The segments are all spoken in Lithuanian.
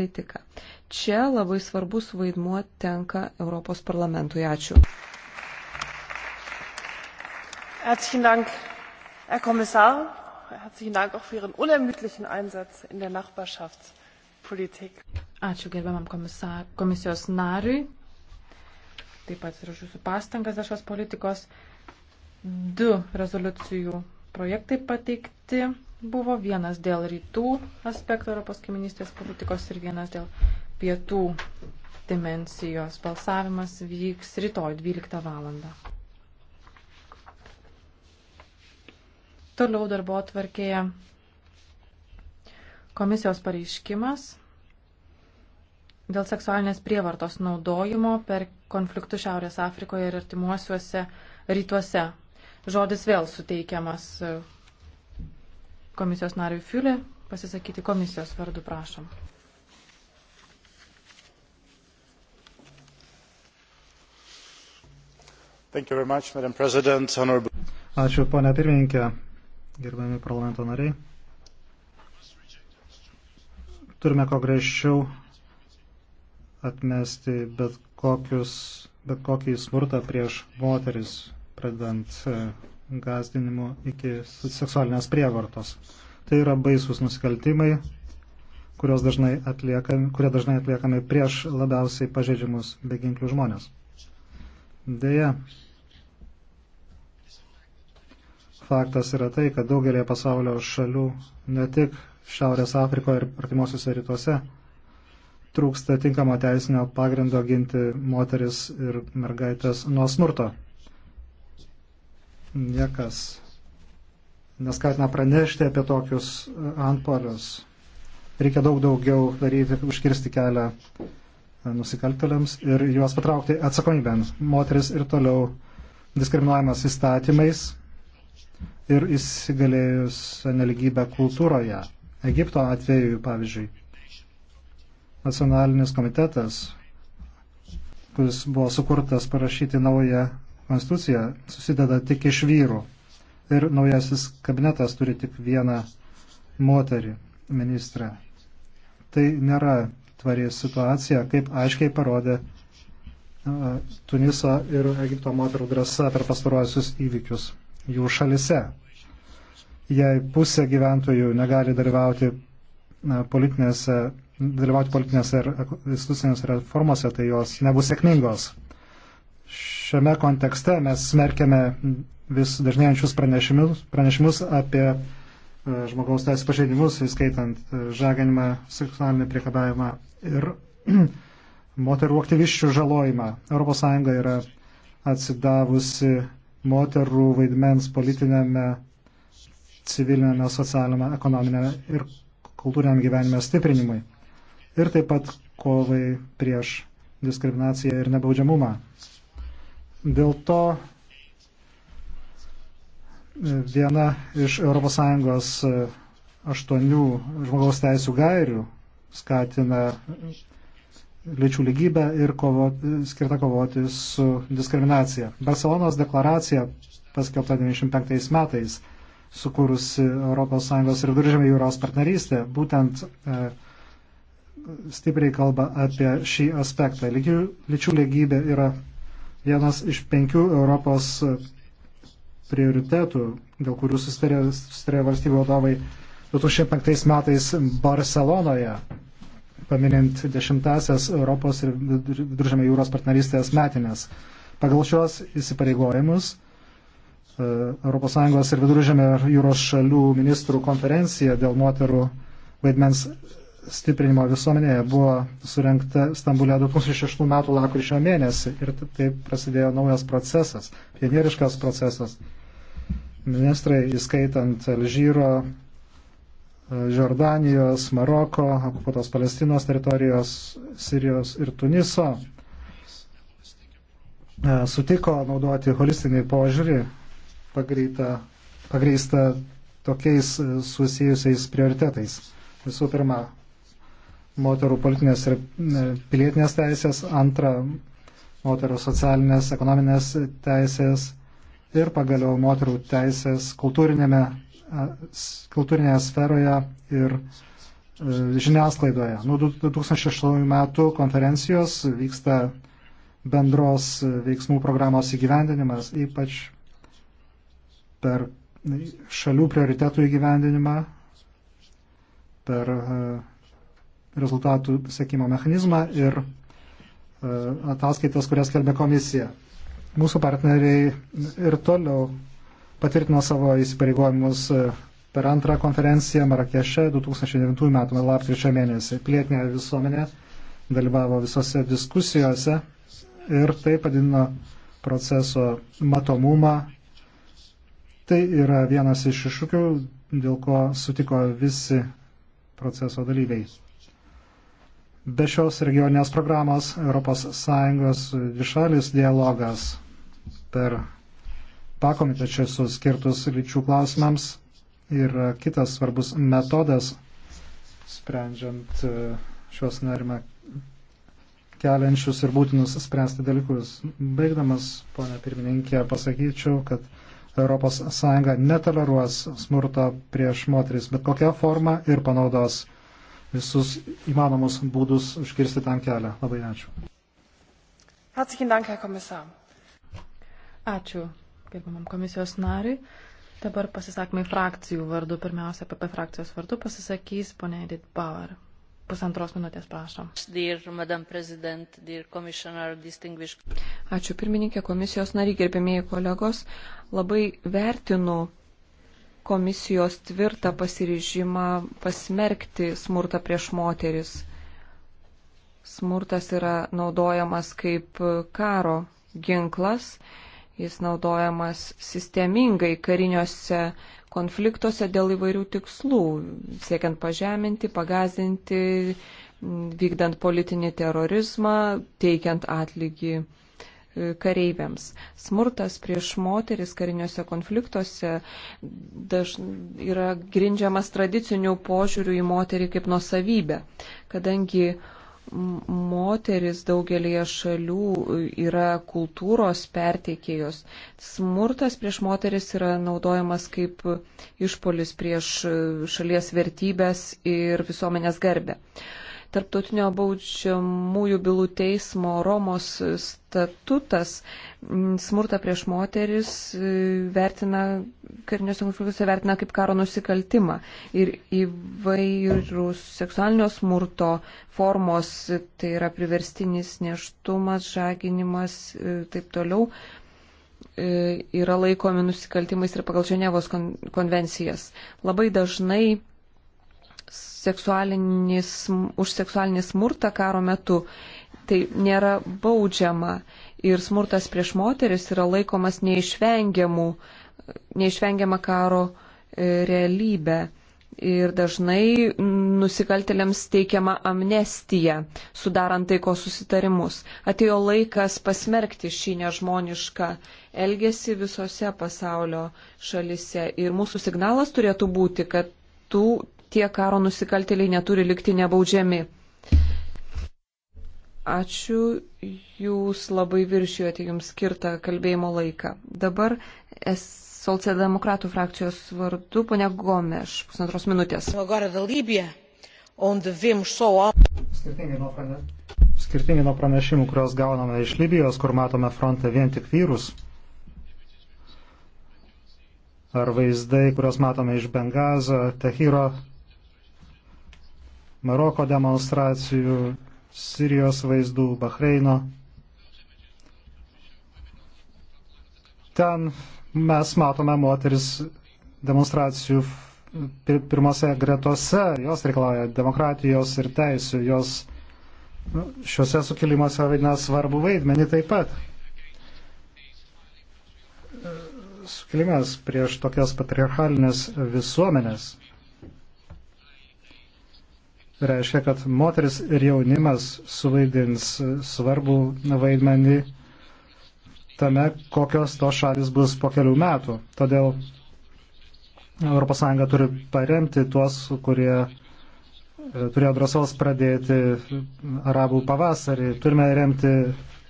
politiką. Čia labai svarbus vaidmuo tenka Europos parlamentui. Ačiū. Herzlichen Dank, Herr Kommissar. Herzlichen Dank auch für Ihren unermüdlichen Einsatz in der Nachbarschaftspolitik. Ačiū gerbiamam komisar, komisijos nariui. Taip pat ir už Jūsų pastangas dėl šios politikos. Du rezoliucijų projektai pateikti buvo vienas dėl rytų aspekto Europos kaiminystės politikos ir vienas dėl pietų dimensijos. Balsavimas vyks rytoj 12 val. Toliau darbo atvarkėje komisijos pareiškimas dėl seksualinės prievartos naudojimo per konfliktus Šiaurės Afrikoje ir artimuosiuose rytuose. Žodis vėl suteikiamas e, komisijos nariui Fiulė. Pasisakyti komisijos vardu prašom. Much, Honorable... Ačiū, ponia pirmininkė, gerbiami parlamento nariai. Turime ko greičiau atmesti bet, kokius, bet kokį smurtą prieš moteris pradedant e, gazdinimu iki seksualinės prievartos. Tai yra baisus nusikaltimai, dažnai atliekami, kurie dažnai atliekami prieš labiausiai pažeidžiamus beginklių žmonės. Deja, faktas yra tai, kad daugelėje pasaulio šalių, ne tik Šiaurės Afrikoje ir artimuosiuose rytuose, trūksta tinkamo teisinio pagrindo ginti moteris ir mergaitės nuo smurto niekas neskatina pranešti apie tokius antpolius. Reikia daug daugiau daryti, užkirsti kelią nusikaltėliams ir juos patraukti atsakomybėn. Moteris ir toliau diskriminuojamas įstatymais ir įsigalėjus neligybę kultūroje. Egipto atveju, pavyzdžiui, nacionalinis komitetas, kuris buvo sukurtas parašyti naują konstitucija susideda tik iš vyrų ir naujasis kabinetas turi tik vieną moterį ministrę. Tai nėra tvari situacija, kaip aiškiai parodė Tuniso ir Egipto moterų drąsa per pastaruosius įvykius jų šalise. Jei pusė gyventojų negali dalyvauti politinėse, dalyvauti politinėse ir institucinėse reformose, tai jos nebus sėkmingos. Šiame kontekste mes smerkėme vis dažnėjančius pranešimus, pranešimus apie e, žmogaus teisų pažeidimus, įskaitant e, žaginimą, seksualinį priekabavimą ir moterų aktyviščių žalojimą. ES yra atsidavusi moterų vaidmens politinėme, civilinėme, socialinėme, ekonominėme ir kultūriniam gyvenime stiprinimui. Ir taip pat kovai prieš diskriminaciją ir nebaudžiamumą. Dėl to e, viena iš ES e, aštuonių žmogaus teisų gairių skatina e, lyčių lygybę ir kovo, skirta kovoti su diskriminacija. Barcelonos deklaracija paskelbta 95 metais, sukūrusi ES ir Viržėmė jūros partnerystė, būtent e, stipriai kalba apie šį aspektą. Lygių, lyčių lygybė yra vienas iš penkių Europos prioritetų, dėl kurių susitarė valstybių vadovai 2005 metais Barcelonoje, paminint dešimtasias Europos ir Viduržėmio jūros partnerystės metinės. Pagal šios įsipareigojimus ES ir Viduržėmio jūros šalių ministrų konferencija dėl moterų vaidmens stiprinimo visuomenėje buvo surinkta Stambulė 2006 metų lakryčio mėnesį ir taip prasidėjo naujas procesas, pionieriškas procesas. Ministrai, įskaitant Alžyro, Jordanijos, Maroko, okupuotos Palestinos teritorijos, Sirijos ir Tuniso, e, sutiko naudoti holistinį požiūrį pagrįstą tokiais e, susijusiais prioritetais. Visų pirma, moterų politinės ir e, pilietinės teisės, antra moterų socialinės, ekonominės teisės ir pagaliau moterų teisės kultūrinėje sferoje ir e, žiniasklaidoje. Nuo 2006 metų konferencijos vyksta bendros veiksmų programos įgyvendinimas, ypač per šalių prioritetų įgyvendinimą, per e, rezultatų sekimo mechanizmą ir e, ataskaitas, kurias kelbė komisija. Mūsų partneriai ir toliau patvirtino savo įsipareigojimus e, per antrą konferenciją Marakeše 2009 m. lapkričio mėnesį. Plėtinė visuomenė dalyvavo visose diskusijose ir tai padidino proceso matomumą. Tai yra vienas iš iššūkių, dėl ko sutiko visi proceso dalyviai. Be šios regioninės programos ES dvišalis dialogas per pakomitečius skirtus lyčių klausimams yra kitas svarbus metodas sprendžiant e, šios nerimą keliančius ir būtinus spręsti dalykus. Baigdamas, ponė pirmininkė, pasakyčiau, kad ES netoleruos smurto prieš moteris, bet kokią formą ir panaudos visus įmanomus būdus užkirsti tam kelią. Labai ačiū. Ačiū, gerbiamam komisijos nariui. Dabar pasisakymai frakcijų vardu. Pirmiausia, PP frakcijos vardu pasisakys ponė Edith Bauer. Pusantros minutės, prašom. Ačiū pirmininkė, komisijos nariai, gerbėmėjai kolegos. Labai vertinu komisijos tvirtą pasiryžimą pasmerkti smurtą prieš moteris. Smurtas yra naudojamas kaip karo ginklas, jis naudojamas sistemingai kariniuose konfliktuose dėl įvairių tikslų, siekiant pažeminti, pagazinti, vykdant politinį terorizmą, teikiant atlygį kareiviams. Smurtas prieš moteris kariniuose konfliktuose dažnai yra grindžiamas tradiciniu požiūriu į moterį kaip nuosavybę, kadangi moteris daugelėje šalių yra kultūros perteikėjos. Smurtas prieš moteris yra naudojamas kaip išpolis prieš šalies vertybės ir visuomenės garbę. Tarptautinio baudžiamųjų bylų teismo Romos statutas mm, smurtą prieš moteris e, vertina, kariniuose konfliktuose vertina kaip karo nusikaltimą. Ir įvairūs seksualinio smurto formos, tai yra priverstinis neštumas, žaginimas ir e, taip toliau, e, yra laikomi nusikaltimais ir pagal Ženevos konvencijas. Labai dažnai seksualinis, už seksualinį smurtą karo metu, tai nėra baudžiama ir smurtas prieš moteris yra laikomas neišvengiama karo e, realybė. Ir dažnai nusikaltėliams teikiama amnestija, sudarant taiko susitarimus. Atėjo laikas pasmerkti šį nežmonišką elgesį visose pasaulio šalise. Ir mūsų signalas turėtų būti, kad tų, tie karo nusikaltėliai neturi likti nebaudžiami. Ačiū, jūs labai viršijuoti jums skirtą kalbėjimo laiką. Dabar esu. Socialdemokratų frakcijos vardu, ponia Gomeš, pusantros minutės. Skirtingai nuo, prane... Skirtingai nuo pranešimų, kuriuos gauname iš Libijos, kur matome fronte vien tik vyrus, ar vaizdai, kuriuos matome iš Bengazo, Tehiro, Maroko demonstracijų, Sirijos vaizdų, Bahreino. Ten mes matome moteris demonstracijų pirmose gretose, jos reikalauja demokratijos ir teisų, jos nu, šiuose sukilimuose vaidina svarbu vaidmenį taip pat. Sukilimas prieš tokias patriarchalinės visuomenės reiškia, kad moteris ir jaunimas suvaidins svarbų vaidmenį tame, kokios tos šalis bus po kelių metų. Todėl ES turi paremti tuos, kurie e, turėjo drąsos pradėti arabų pavasarį. Turime remti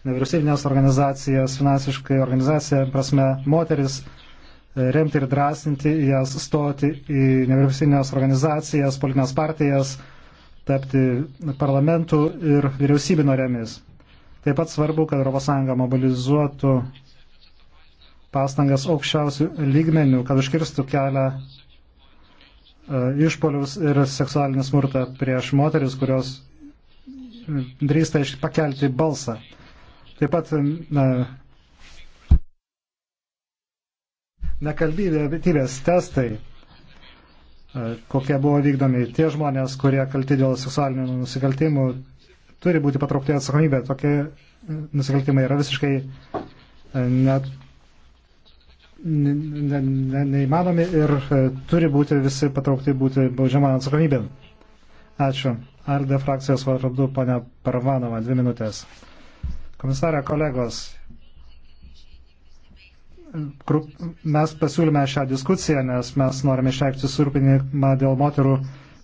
nevyriausybinės organizacijas, finansiškai organizaciją, prasme, moteris, e, remti ir drąsinti jas stoti į nevyriausybinės organizacijas, politinės partijas, tapti parlamentų ir vyriausybių norėmis. Taip pat svarbu, kad ES mobilizuotų pastangas aukščiausių lygmenių, kad užkirstų kelią e, išpolius ir seksualinį smurtą prieš moteris, kurios drįsta pakelti balsą. Taip pat na, e, nekalbybės testai E, kokie buvo vykdomi. Tie žmonės, kurie kalti dėl seksualinių nusikaltimų, turi būti patraukti atsakomybė. Tokie e, nusikaltimai yra visiškai e, net ne, ne, ne, neįmanomi ir turi būti visi patraukti būti baudžiama atsakomybė. Ačiū. Ar de frakcijos vardu, ponia Parvanova, dvi minutės. Komisarė, kolegos, mes pasiūlėme šią diskusiją, nes mes norime išreikšti surpinimą dėl moterų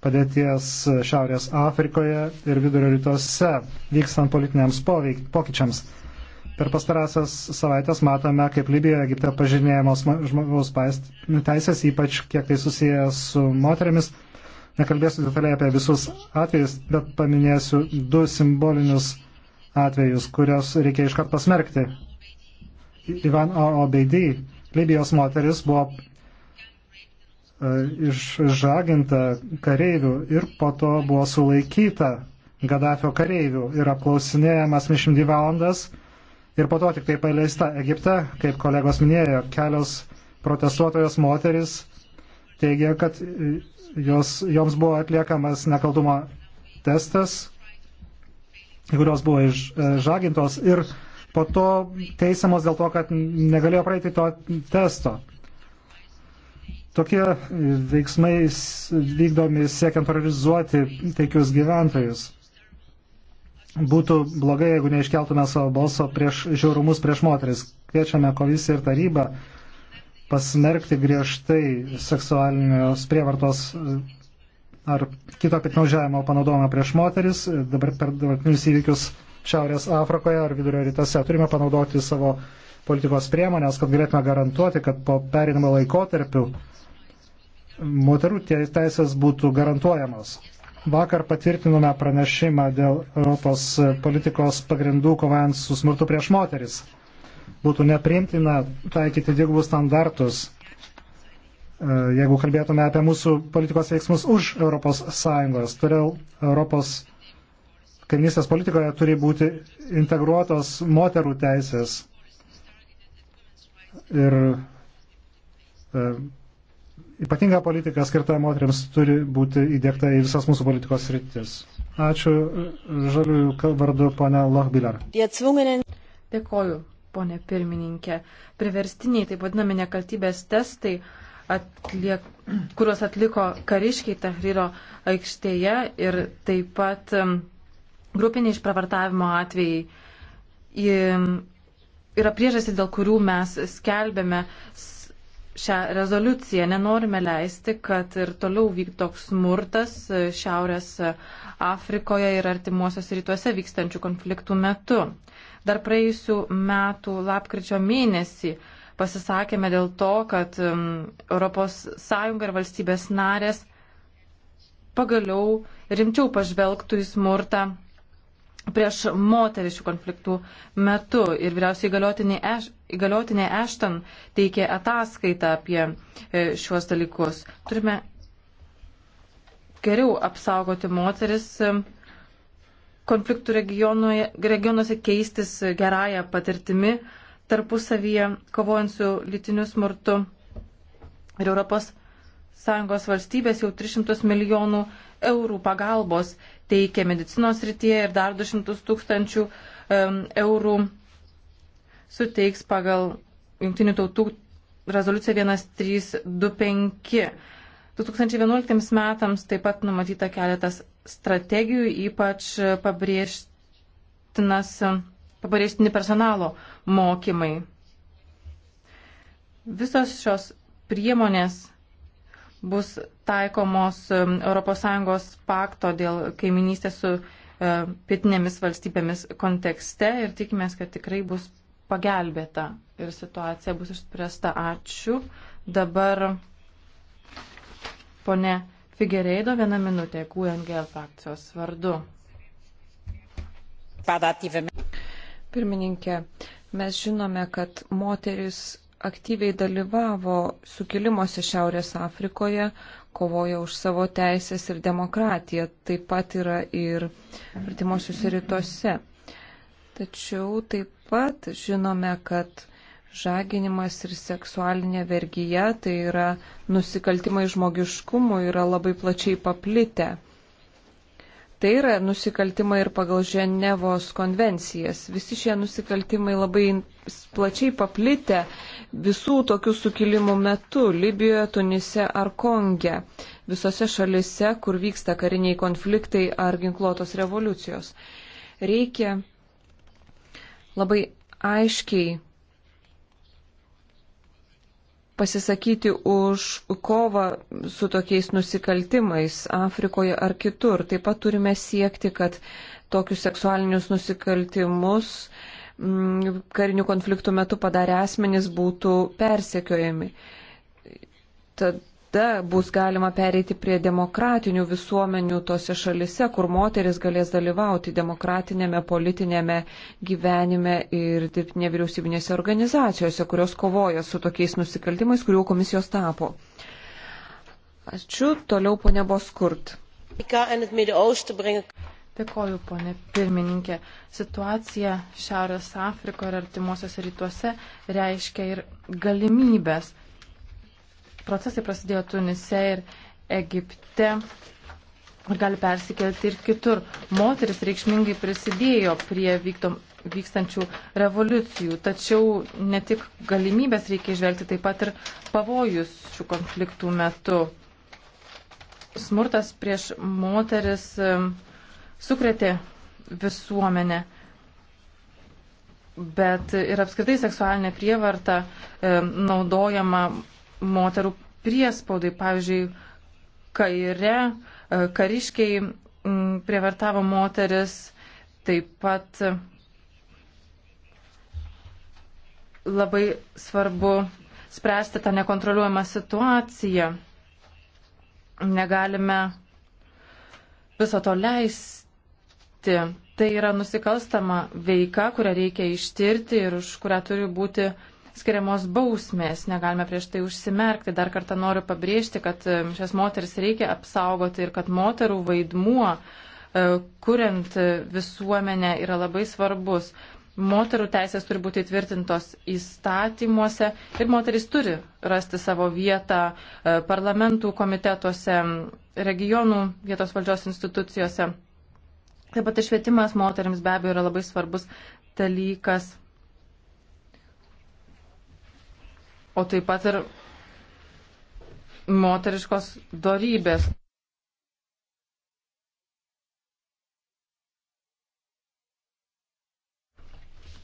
padėties Šiaurės Afrikoje ir Vidurio rytuose vykstant politiniams poveik, pokyčiams. Per pastarąsias savaitės matome, kaip Libijoje, Egipte pažinėjamos žmogaus teisės, ypač kiek tai susijęs su moteriamis. Nekalbėsiu detaliai apie visus atvejus, bet paminėsiu du simbolinius atvejus, kurios reikia iškart pasmerkti. Ivan Obeidį. Libijos moteris buvo e, išžaginta kareivių ir po to buvo sulaikyta Gaddafio kareivių ir apklausinėjamas 22 valandas ir po to tik tai paleista Egipte, kaip kolegos minėjo, kelios protestuotojos moteris teigia, kad e, jos, joms buvo atliekamas nekaltumo testas, kurios buvo išžagintos ir po to teisiamos dėl to, kad negalėjo praeiti to testo. Tokie veiksmai vykdomi siekiant terrorizuoti taikius gyventojus. Būtų blogai, jeigu neiškeltume savo balso prieš žiaurumus prieš moteris. Kviečiame komisiją ir tarybą pasmerkti griežtai seksualinės prievartos e, ar kito piknaudžiavimo panaudojimą prieš moteris. Dabar per dabartinius įvykius Šiaurės Afrikoje ar Vidurio rytuose. Turime panaudoti savo politikos priemonės, kad galėtume garantuoti, kad po perinimo laikotarpiu moterų teisės būtų garantuojamos. Vakar patvirtinome pranešimą dėl Europos politikos pagrindų kovojant su smurtu prieš moteris. Būtų nepriimtina taikyti dvigubus standartus, e, jeigu kalbėtume apie mūsų politikos veiksmus už ES. Todėl Europos kaimynystės politikoje turi būti integruotos moterų teisės ir e, ypatinga politika skirta moteriams turi būti įdėkta į visas mūsų politikos rytis. Ačiū e, žaliųjų vardu, ponia Lochbiller. Dėkoju, ponė pirmininkė. Priverstiniai, taip vadinami nekaltybės testai, atliek, kuriuos atliko kariškiai Tahriro aikštėje ir taip pat um, grupiniai išpravartavimo atvejai yra priežastys, dėl kurių mes skelbėme šią rezoliuciją. Nenorime leisti, kad ir toliau vyk toks smurtas Šiaurės Afrikoje ir artimuosios rytuose vykstančių konfliktų metu. Dar praėjusių metų lapkričio mėnesį pasisakėme dėl to, kad ES ir valstybės narės pagaliau rimčiau pažvelgtų į smurtą prieš moterį šių konfliktų metu. Ir vyriausiai įgaliotinė Ešton teikė ataskaitą apie e, šiuos dalykus. Turime geriau apsaugoti moteris e, konfliktų regionuose, keistis gerąją patirtimi tarpusavyje, kovojant su lytiniu smurtu. Ir Europos sąjungos valstybės jau 300 milijonų eurų pagalbos teikia medicinos rytyje ir dar 200 tūkstančių eurų suteiks pagal Junktinių tautų rezoliuciją 1325. 2011 metams taip pat numatyta keletas strategijų, ypač pabrėžtini personalo mokymai. Visos šios priemonės bus taikomos um, ES pakto dėl kaiminystės su uh, pietinėmis valstybėmis kontekste ir tikimės, kad tikrai bus pagelbėta ir situacija bus išspręsta. Ačiū. Dabar ponė Figereido vieną minutę QNGL frakcijos vardu. Pirmininkė, mes žinome, kad moteris aktyviai dalyvavo sukilimuose Šiaurės Afrikoje, kovoja už savo teisės ir demokratiją, taip pat yra ir artimuosiuose rytuose. Tačiau taip pat žinome, kad žaginimas ir seksualinė vergyja, tai yra nusikaltimai žmogiškumų, yra labai plačiai paplitę. Tai yra nusikaltimai ir pagal Ženevos konvencijas. Visi šie nusikaltimai labai plačiai paplitę visų tokių sukilimų metu Libijoje, Tunise ar Konge. Visose šalise, kur vyksta kariniai konfliktai ar ginkluotos revoliucijos. Reikia labai aiškiai pasisakyti už kovą su tokiais nusikaltimais Afrikoje ar kitur. Taip pat turime siekti, kad tokius seksualinius nusikaltimus mm, karinių konfliktų metu padarę asmenys būtų persekiojami. Tad kada bus galima pereiti prie demokratinių visuomenių tose šalise, kur moteris galės dalyvauti demokratinėme politinėme gyvenime ir dirbti nevyriausybinėse organizacijose, kurios kovoja su tokiais nusikaltimais, kurių komisijos tapo. Ačiū. Toliau ponė Boskurt. Dėkoju, ponė pirmininkė. Situacija Šiaurės Afrikoje ir artimuosiuose rytuose reiškia ir galimybės procesai prasidėjo Tunise ir Egipte ir gali persikelti ir kitur. Moteris reikšmingai prisidėjo prie vykdom, vykstančių revoliucijų, tačiau ne tik galimybės reikia išvelgti, taip pat ir pavojus šių konfliktų metu. Smurtas prieš moteris sukretė visuomenę, bet ir apskritai seksualinė prievarta naudojama moterų priespaudai. Pavyzdžiui, kaire e, kariškiai prievartavo moteris, taip pat labai svarbu spręsti tą nekontroliuojamą situaciją. Negalime viso to leisti. Tai yra nusikalstama veika, kurią reikia ištirti ir už kurią turi būti uh, skiriamos bausmės, negalime prieš tai užsimerkti. Dar kartą noriu pabrėžti, kad e, šias moteris reikia apsaugoti ir kad moterų vaidmuo, e, kuriant e, visuomenę, yra labai svarbus. Moterų teisės turi būti įtvirtintos įstatymuose ir moteris turi rasti savo vietą parlamentų komitetuose, regionų vietos valdžios institucijose. Taip pat ir švietimas moteriams be abejo yra labai svarbus dalykas o taip pat ir moteriškos darybės.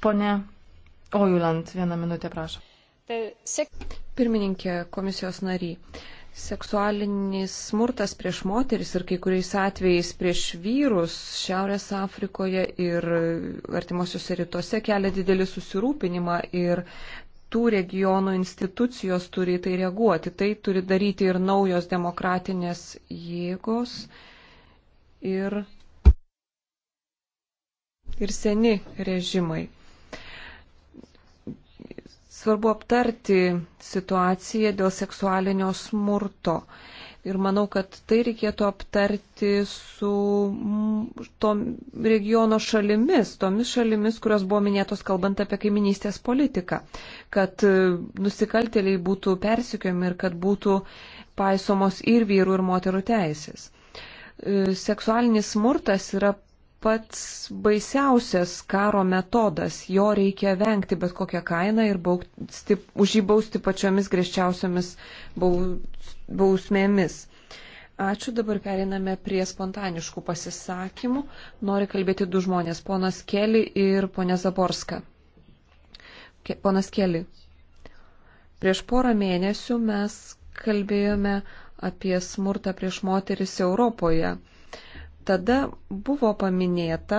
Pone Ojuland, vieną minutę prašau. Tai Pirmininkė komisijos nariai. Seksualinis smurtas prieš moteris ir kai kuriais atvejais prieš vyrus Šiaurės Afrikoje ir artimuosiuose rytuose kelia didelį susirūpinimą ir tų regionų institucijos turi į tai reaguoti. Tai turi daryti ir naujos demokratinės jėgos ir, ir seni režimai. Svarbu aptarti situaciją dėl seksualinio smurto. Uh, Ir manau, kad tai reikėtų aptarti su tom regiono šalimis, tomis šalimis, kurios buvo minėtos kalbant apie kaiminystės politiką, kad e, nusikaltėliai būtų persikiami ir kad būtų paisomos ir vyrų, ir moterų teisės. E, seksualinis smurtas yra pats baisiausias karo metodas. Jo reikia vengti bet kokią kainą ir bausti, už jį bausti pačiomis griežčiausiamis bausmėmis. Ačiū, dabar periname prie spontaniškų pasisakymų. Nori kalbėti du žmonės - ponas Keli ir ponė Zaborska. Ke, ponas Keli, prieš porą mėnesių mes kalbėjome apie smurtą prieš moteris Europoje. Tada buvo paminėta,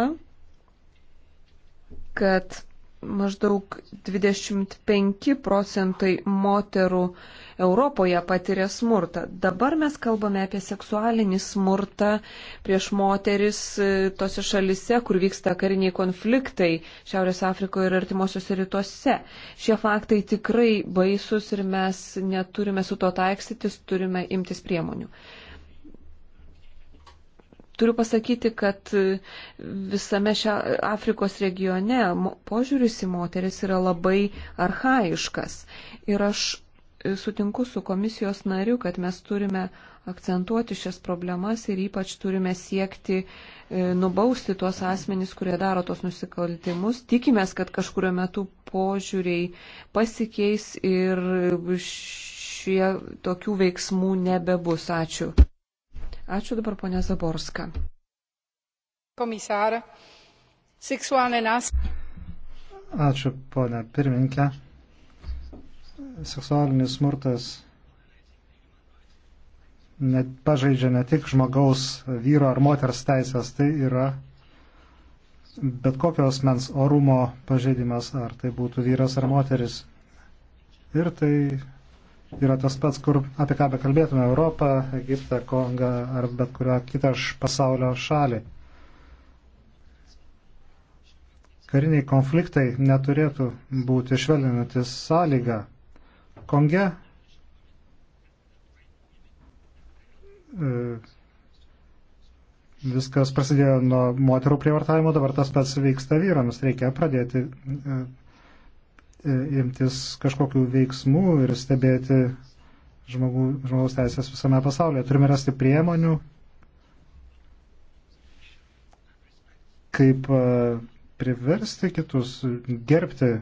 kad maždaug 25 procentai moterų Europoje patiria smurtą. Dabar mes kalbame apie seksualinį smurtą prieš moteris e, tose šalise, kur vyksta kariniai konfliktai Šiaurės Afrikoje ir artimuosiuose rytuose. Šie faktai tikrai baisus ir mes neturime su to taikstytis, turime imtis priemonių. Turiu pasakyti, kad visame šią Afrikos regione požiūris į moteris yra labai arhaiškas. Ir aš e, sutinku su komisijos nariu, kad mes turime akcentuoti šias problemas ir ypač turime siekti e, nubausti tuos asmenys, kurie daro tos nusikaltimus. Tikimės, kad kažkurio metu požiūriai pasikeis ir šie tokių veiksmų nebebus. Ačiū. Ačiū dabar ponia Zaborska. Komisarą. Seksualinė nas. Ačiū ponia pirmininkė. Seksualinis smurtas net pažeidžia ne tik žmogaus vyro ar moters teisės, tai yra bet kokio asmens orumo pažeidimas, ar tai būtų vyras ar moteris. Ir tai yra tas pats, kur apie ką bekalbėtume - Europą, Egiptą, Kongą ar bet kurią kitą pasaulio šalį. Kariniai konfliktai neturėtų būti švelninantis sąlyga. Konge e, viskas prasidėjo nuo moterų prievartavimo, dabar tas pats vyksta vyrams. Reikia pradėti e, E, imtis kažkokių veiksmų ir stebėti žmogų, žmogaus teisės visame pasaulyje. Turime rasti priemonių, kaip e, priversti kitus gerbti e,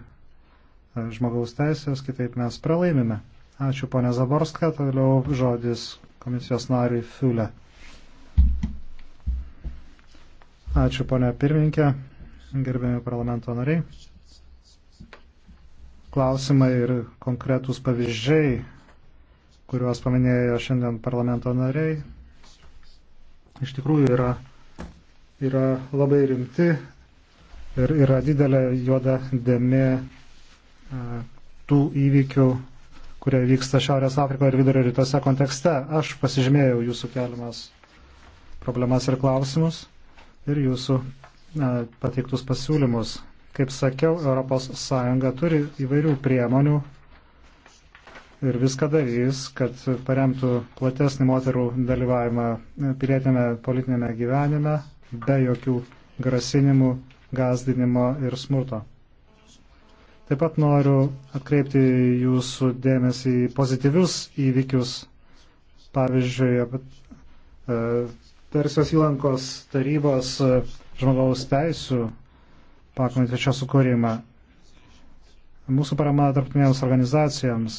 žmogaus teisės, kitaip mes pralaimime. Ačiū ponė Zaborska, toliau žodis komisijos nariui Fiulė. Ačiū ponė pirmininkė, gerbėmi parlamento nariai klausimai ir konkretūs pavyzdžiai, kuriuos paminėjo šiandien parlamento nariai, iš tikrųjų yra, yra labai rimti ir yra didelė juoda dėmė e, tų įvykių, kurie vyksta Šiaurės Afrikoje ir Vidurio rytuose kontekste. Aš pasižymėjau jūsų keliamas problemas ir klausimus ir jūsų e, pateiktus pasiūlymus. Kaip sakiau, ES turi įvairių priemonių ir viską darys, kad paremtų platesnį moterų dalyvavimą pilietinėme politinėme gyvenime be jokių grasinimų, gazdinimo ir smurto. Taip pat noriu atkreipti jūsų dėmesį į pozityvius įvykius. Pavyzdžiui, e, Persijos įlankos tarybos e, žmogaus teisų pakomitečio sukūrimą. Mūsų parama tarptautinėms organizacijoms,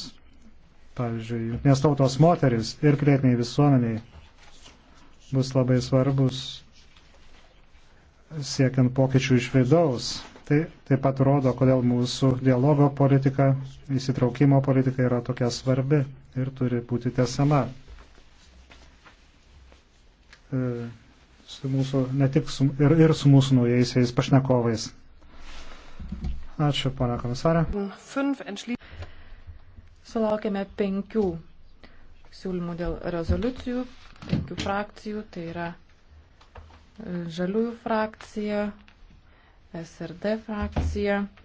pavyzdžiui, Junktinės tautos moteris ir pilietiniai visuomeniai bus labai svarbus siekiant pokyčių iš vidaus. Tai taip pat rodo, kodėl mūsų dialogo politika, įsitraukimo politika yra tokia svarbi ir turi būti tesama. E, su mūsų, ne tik su, ir, ir su mūsų naujaisiais pašnekovais. Ačiū, pana komisarė. Sulaukėme penkių siūlymų dėl rezoliucijų, penkių frakcijų, tai yra e, žaliųjų frakcija, SRD frakcija.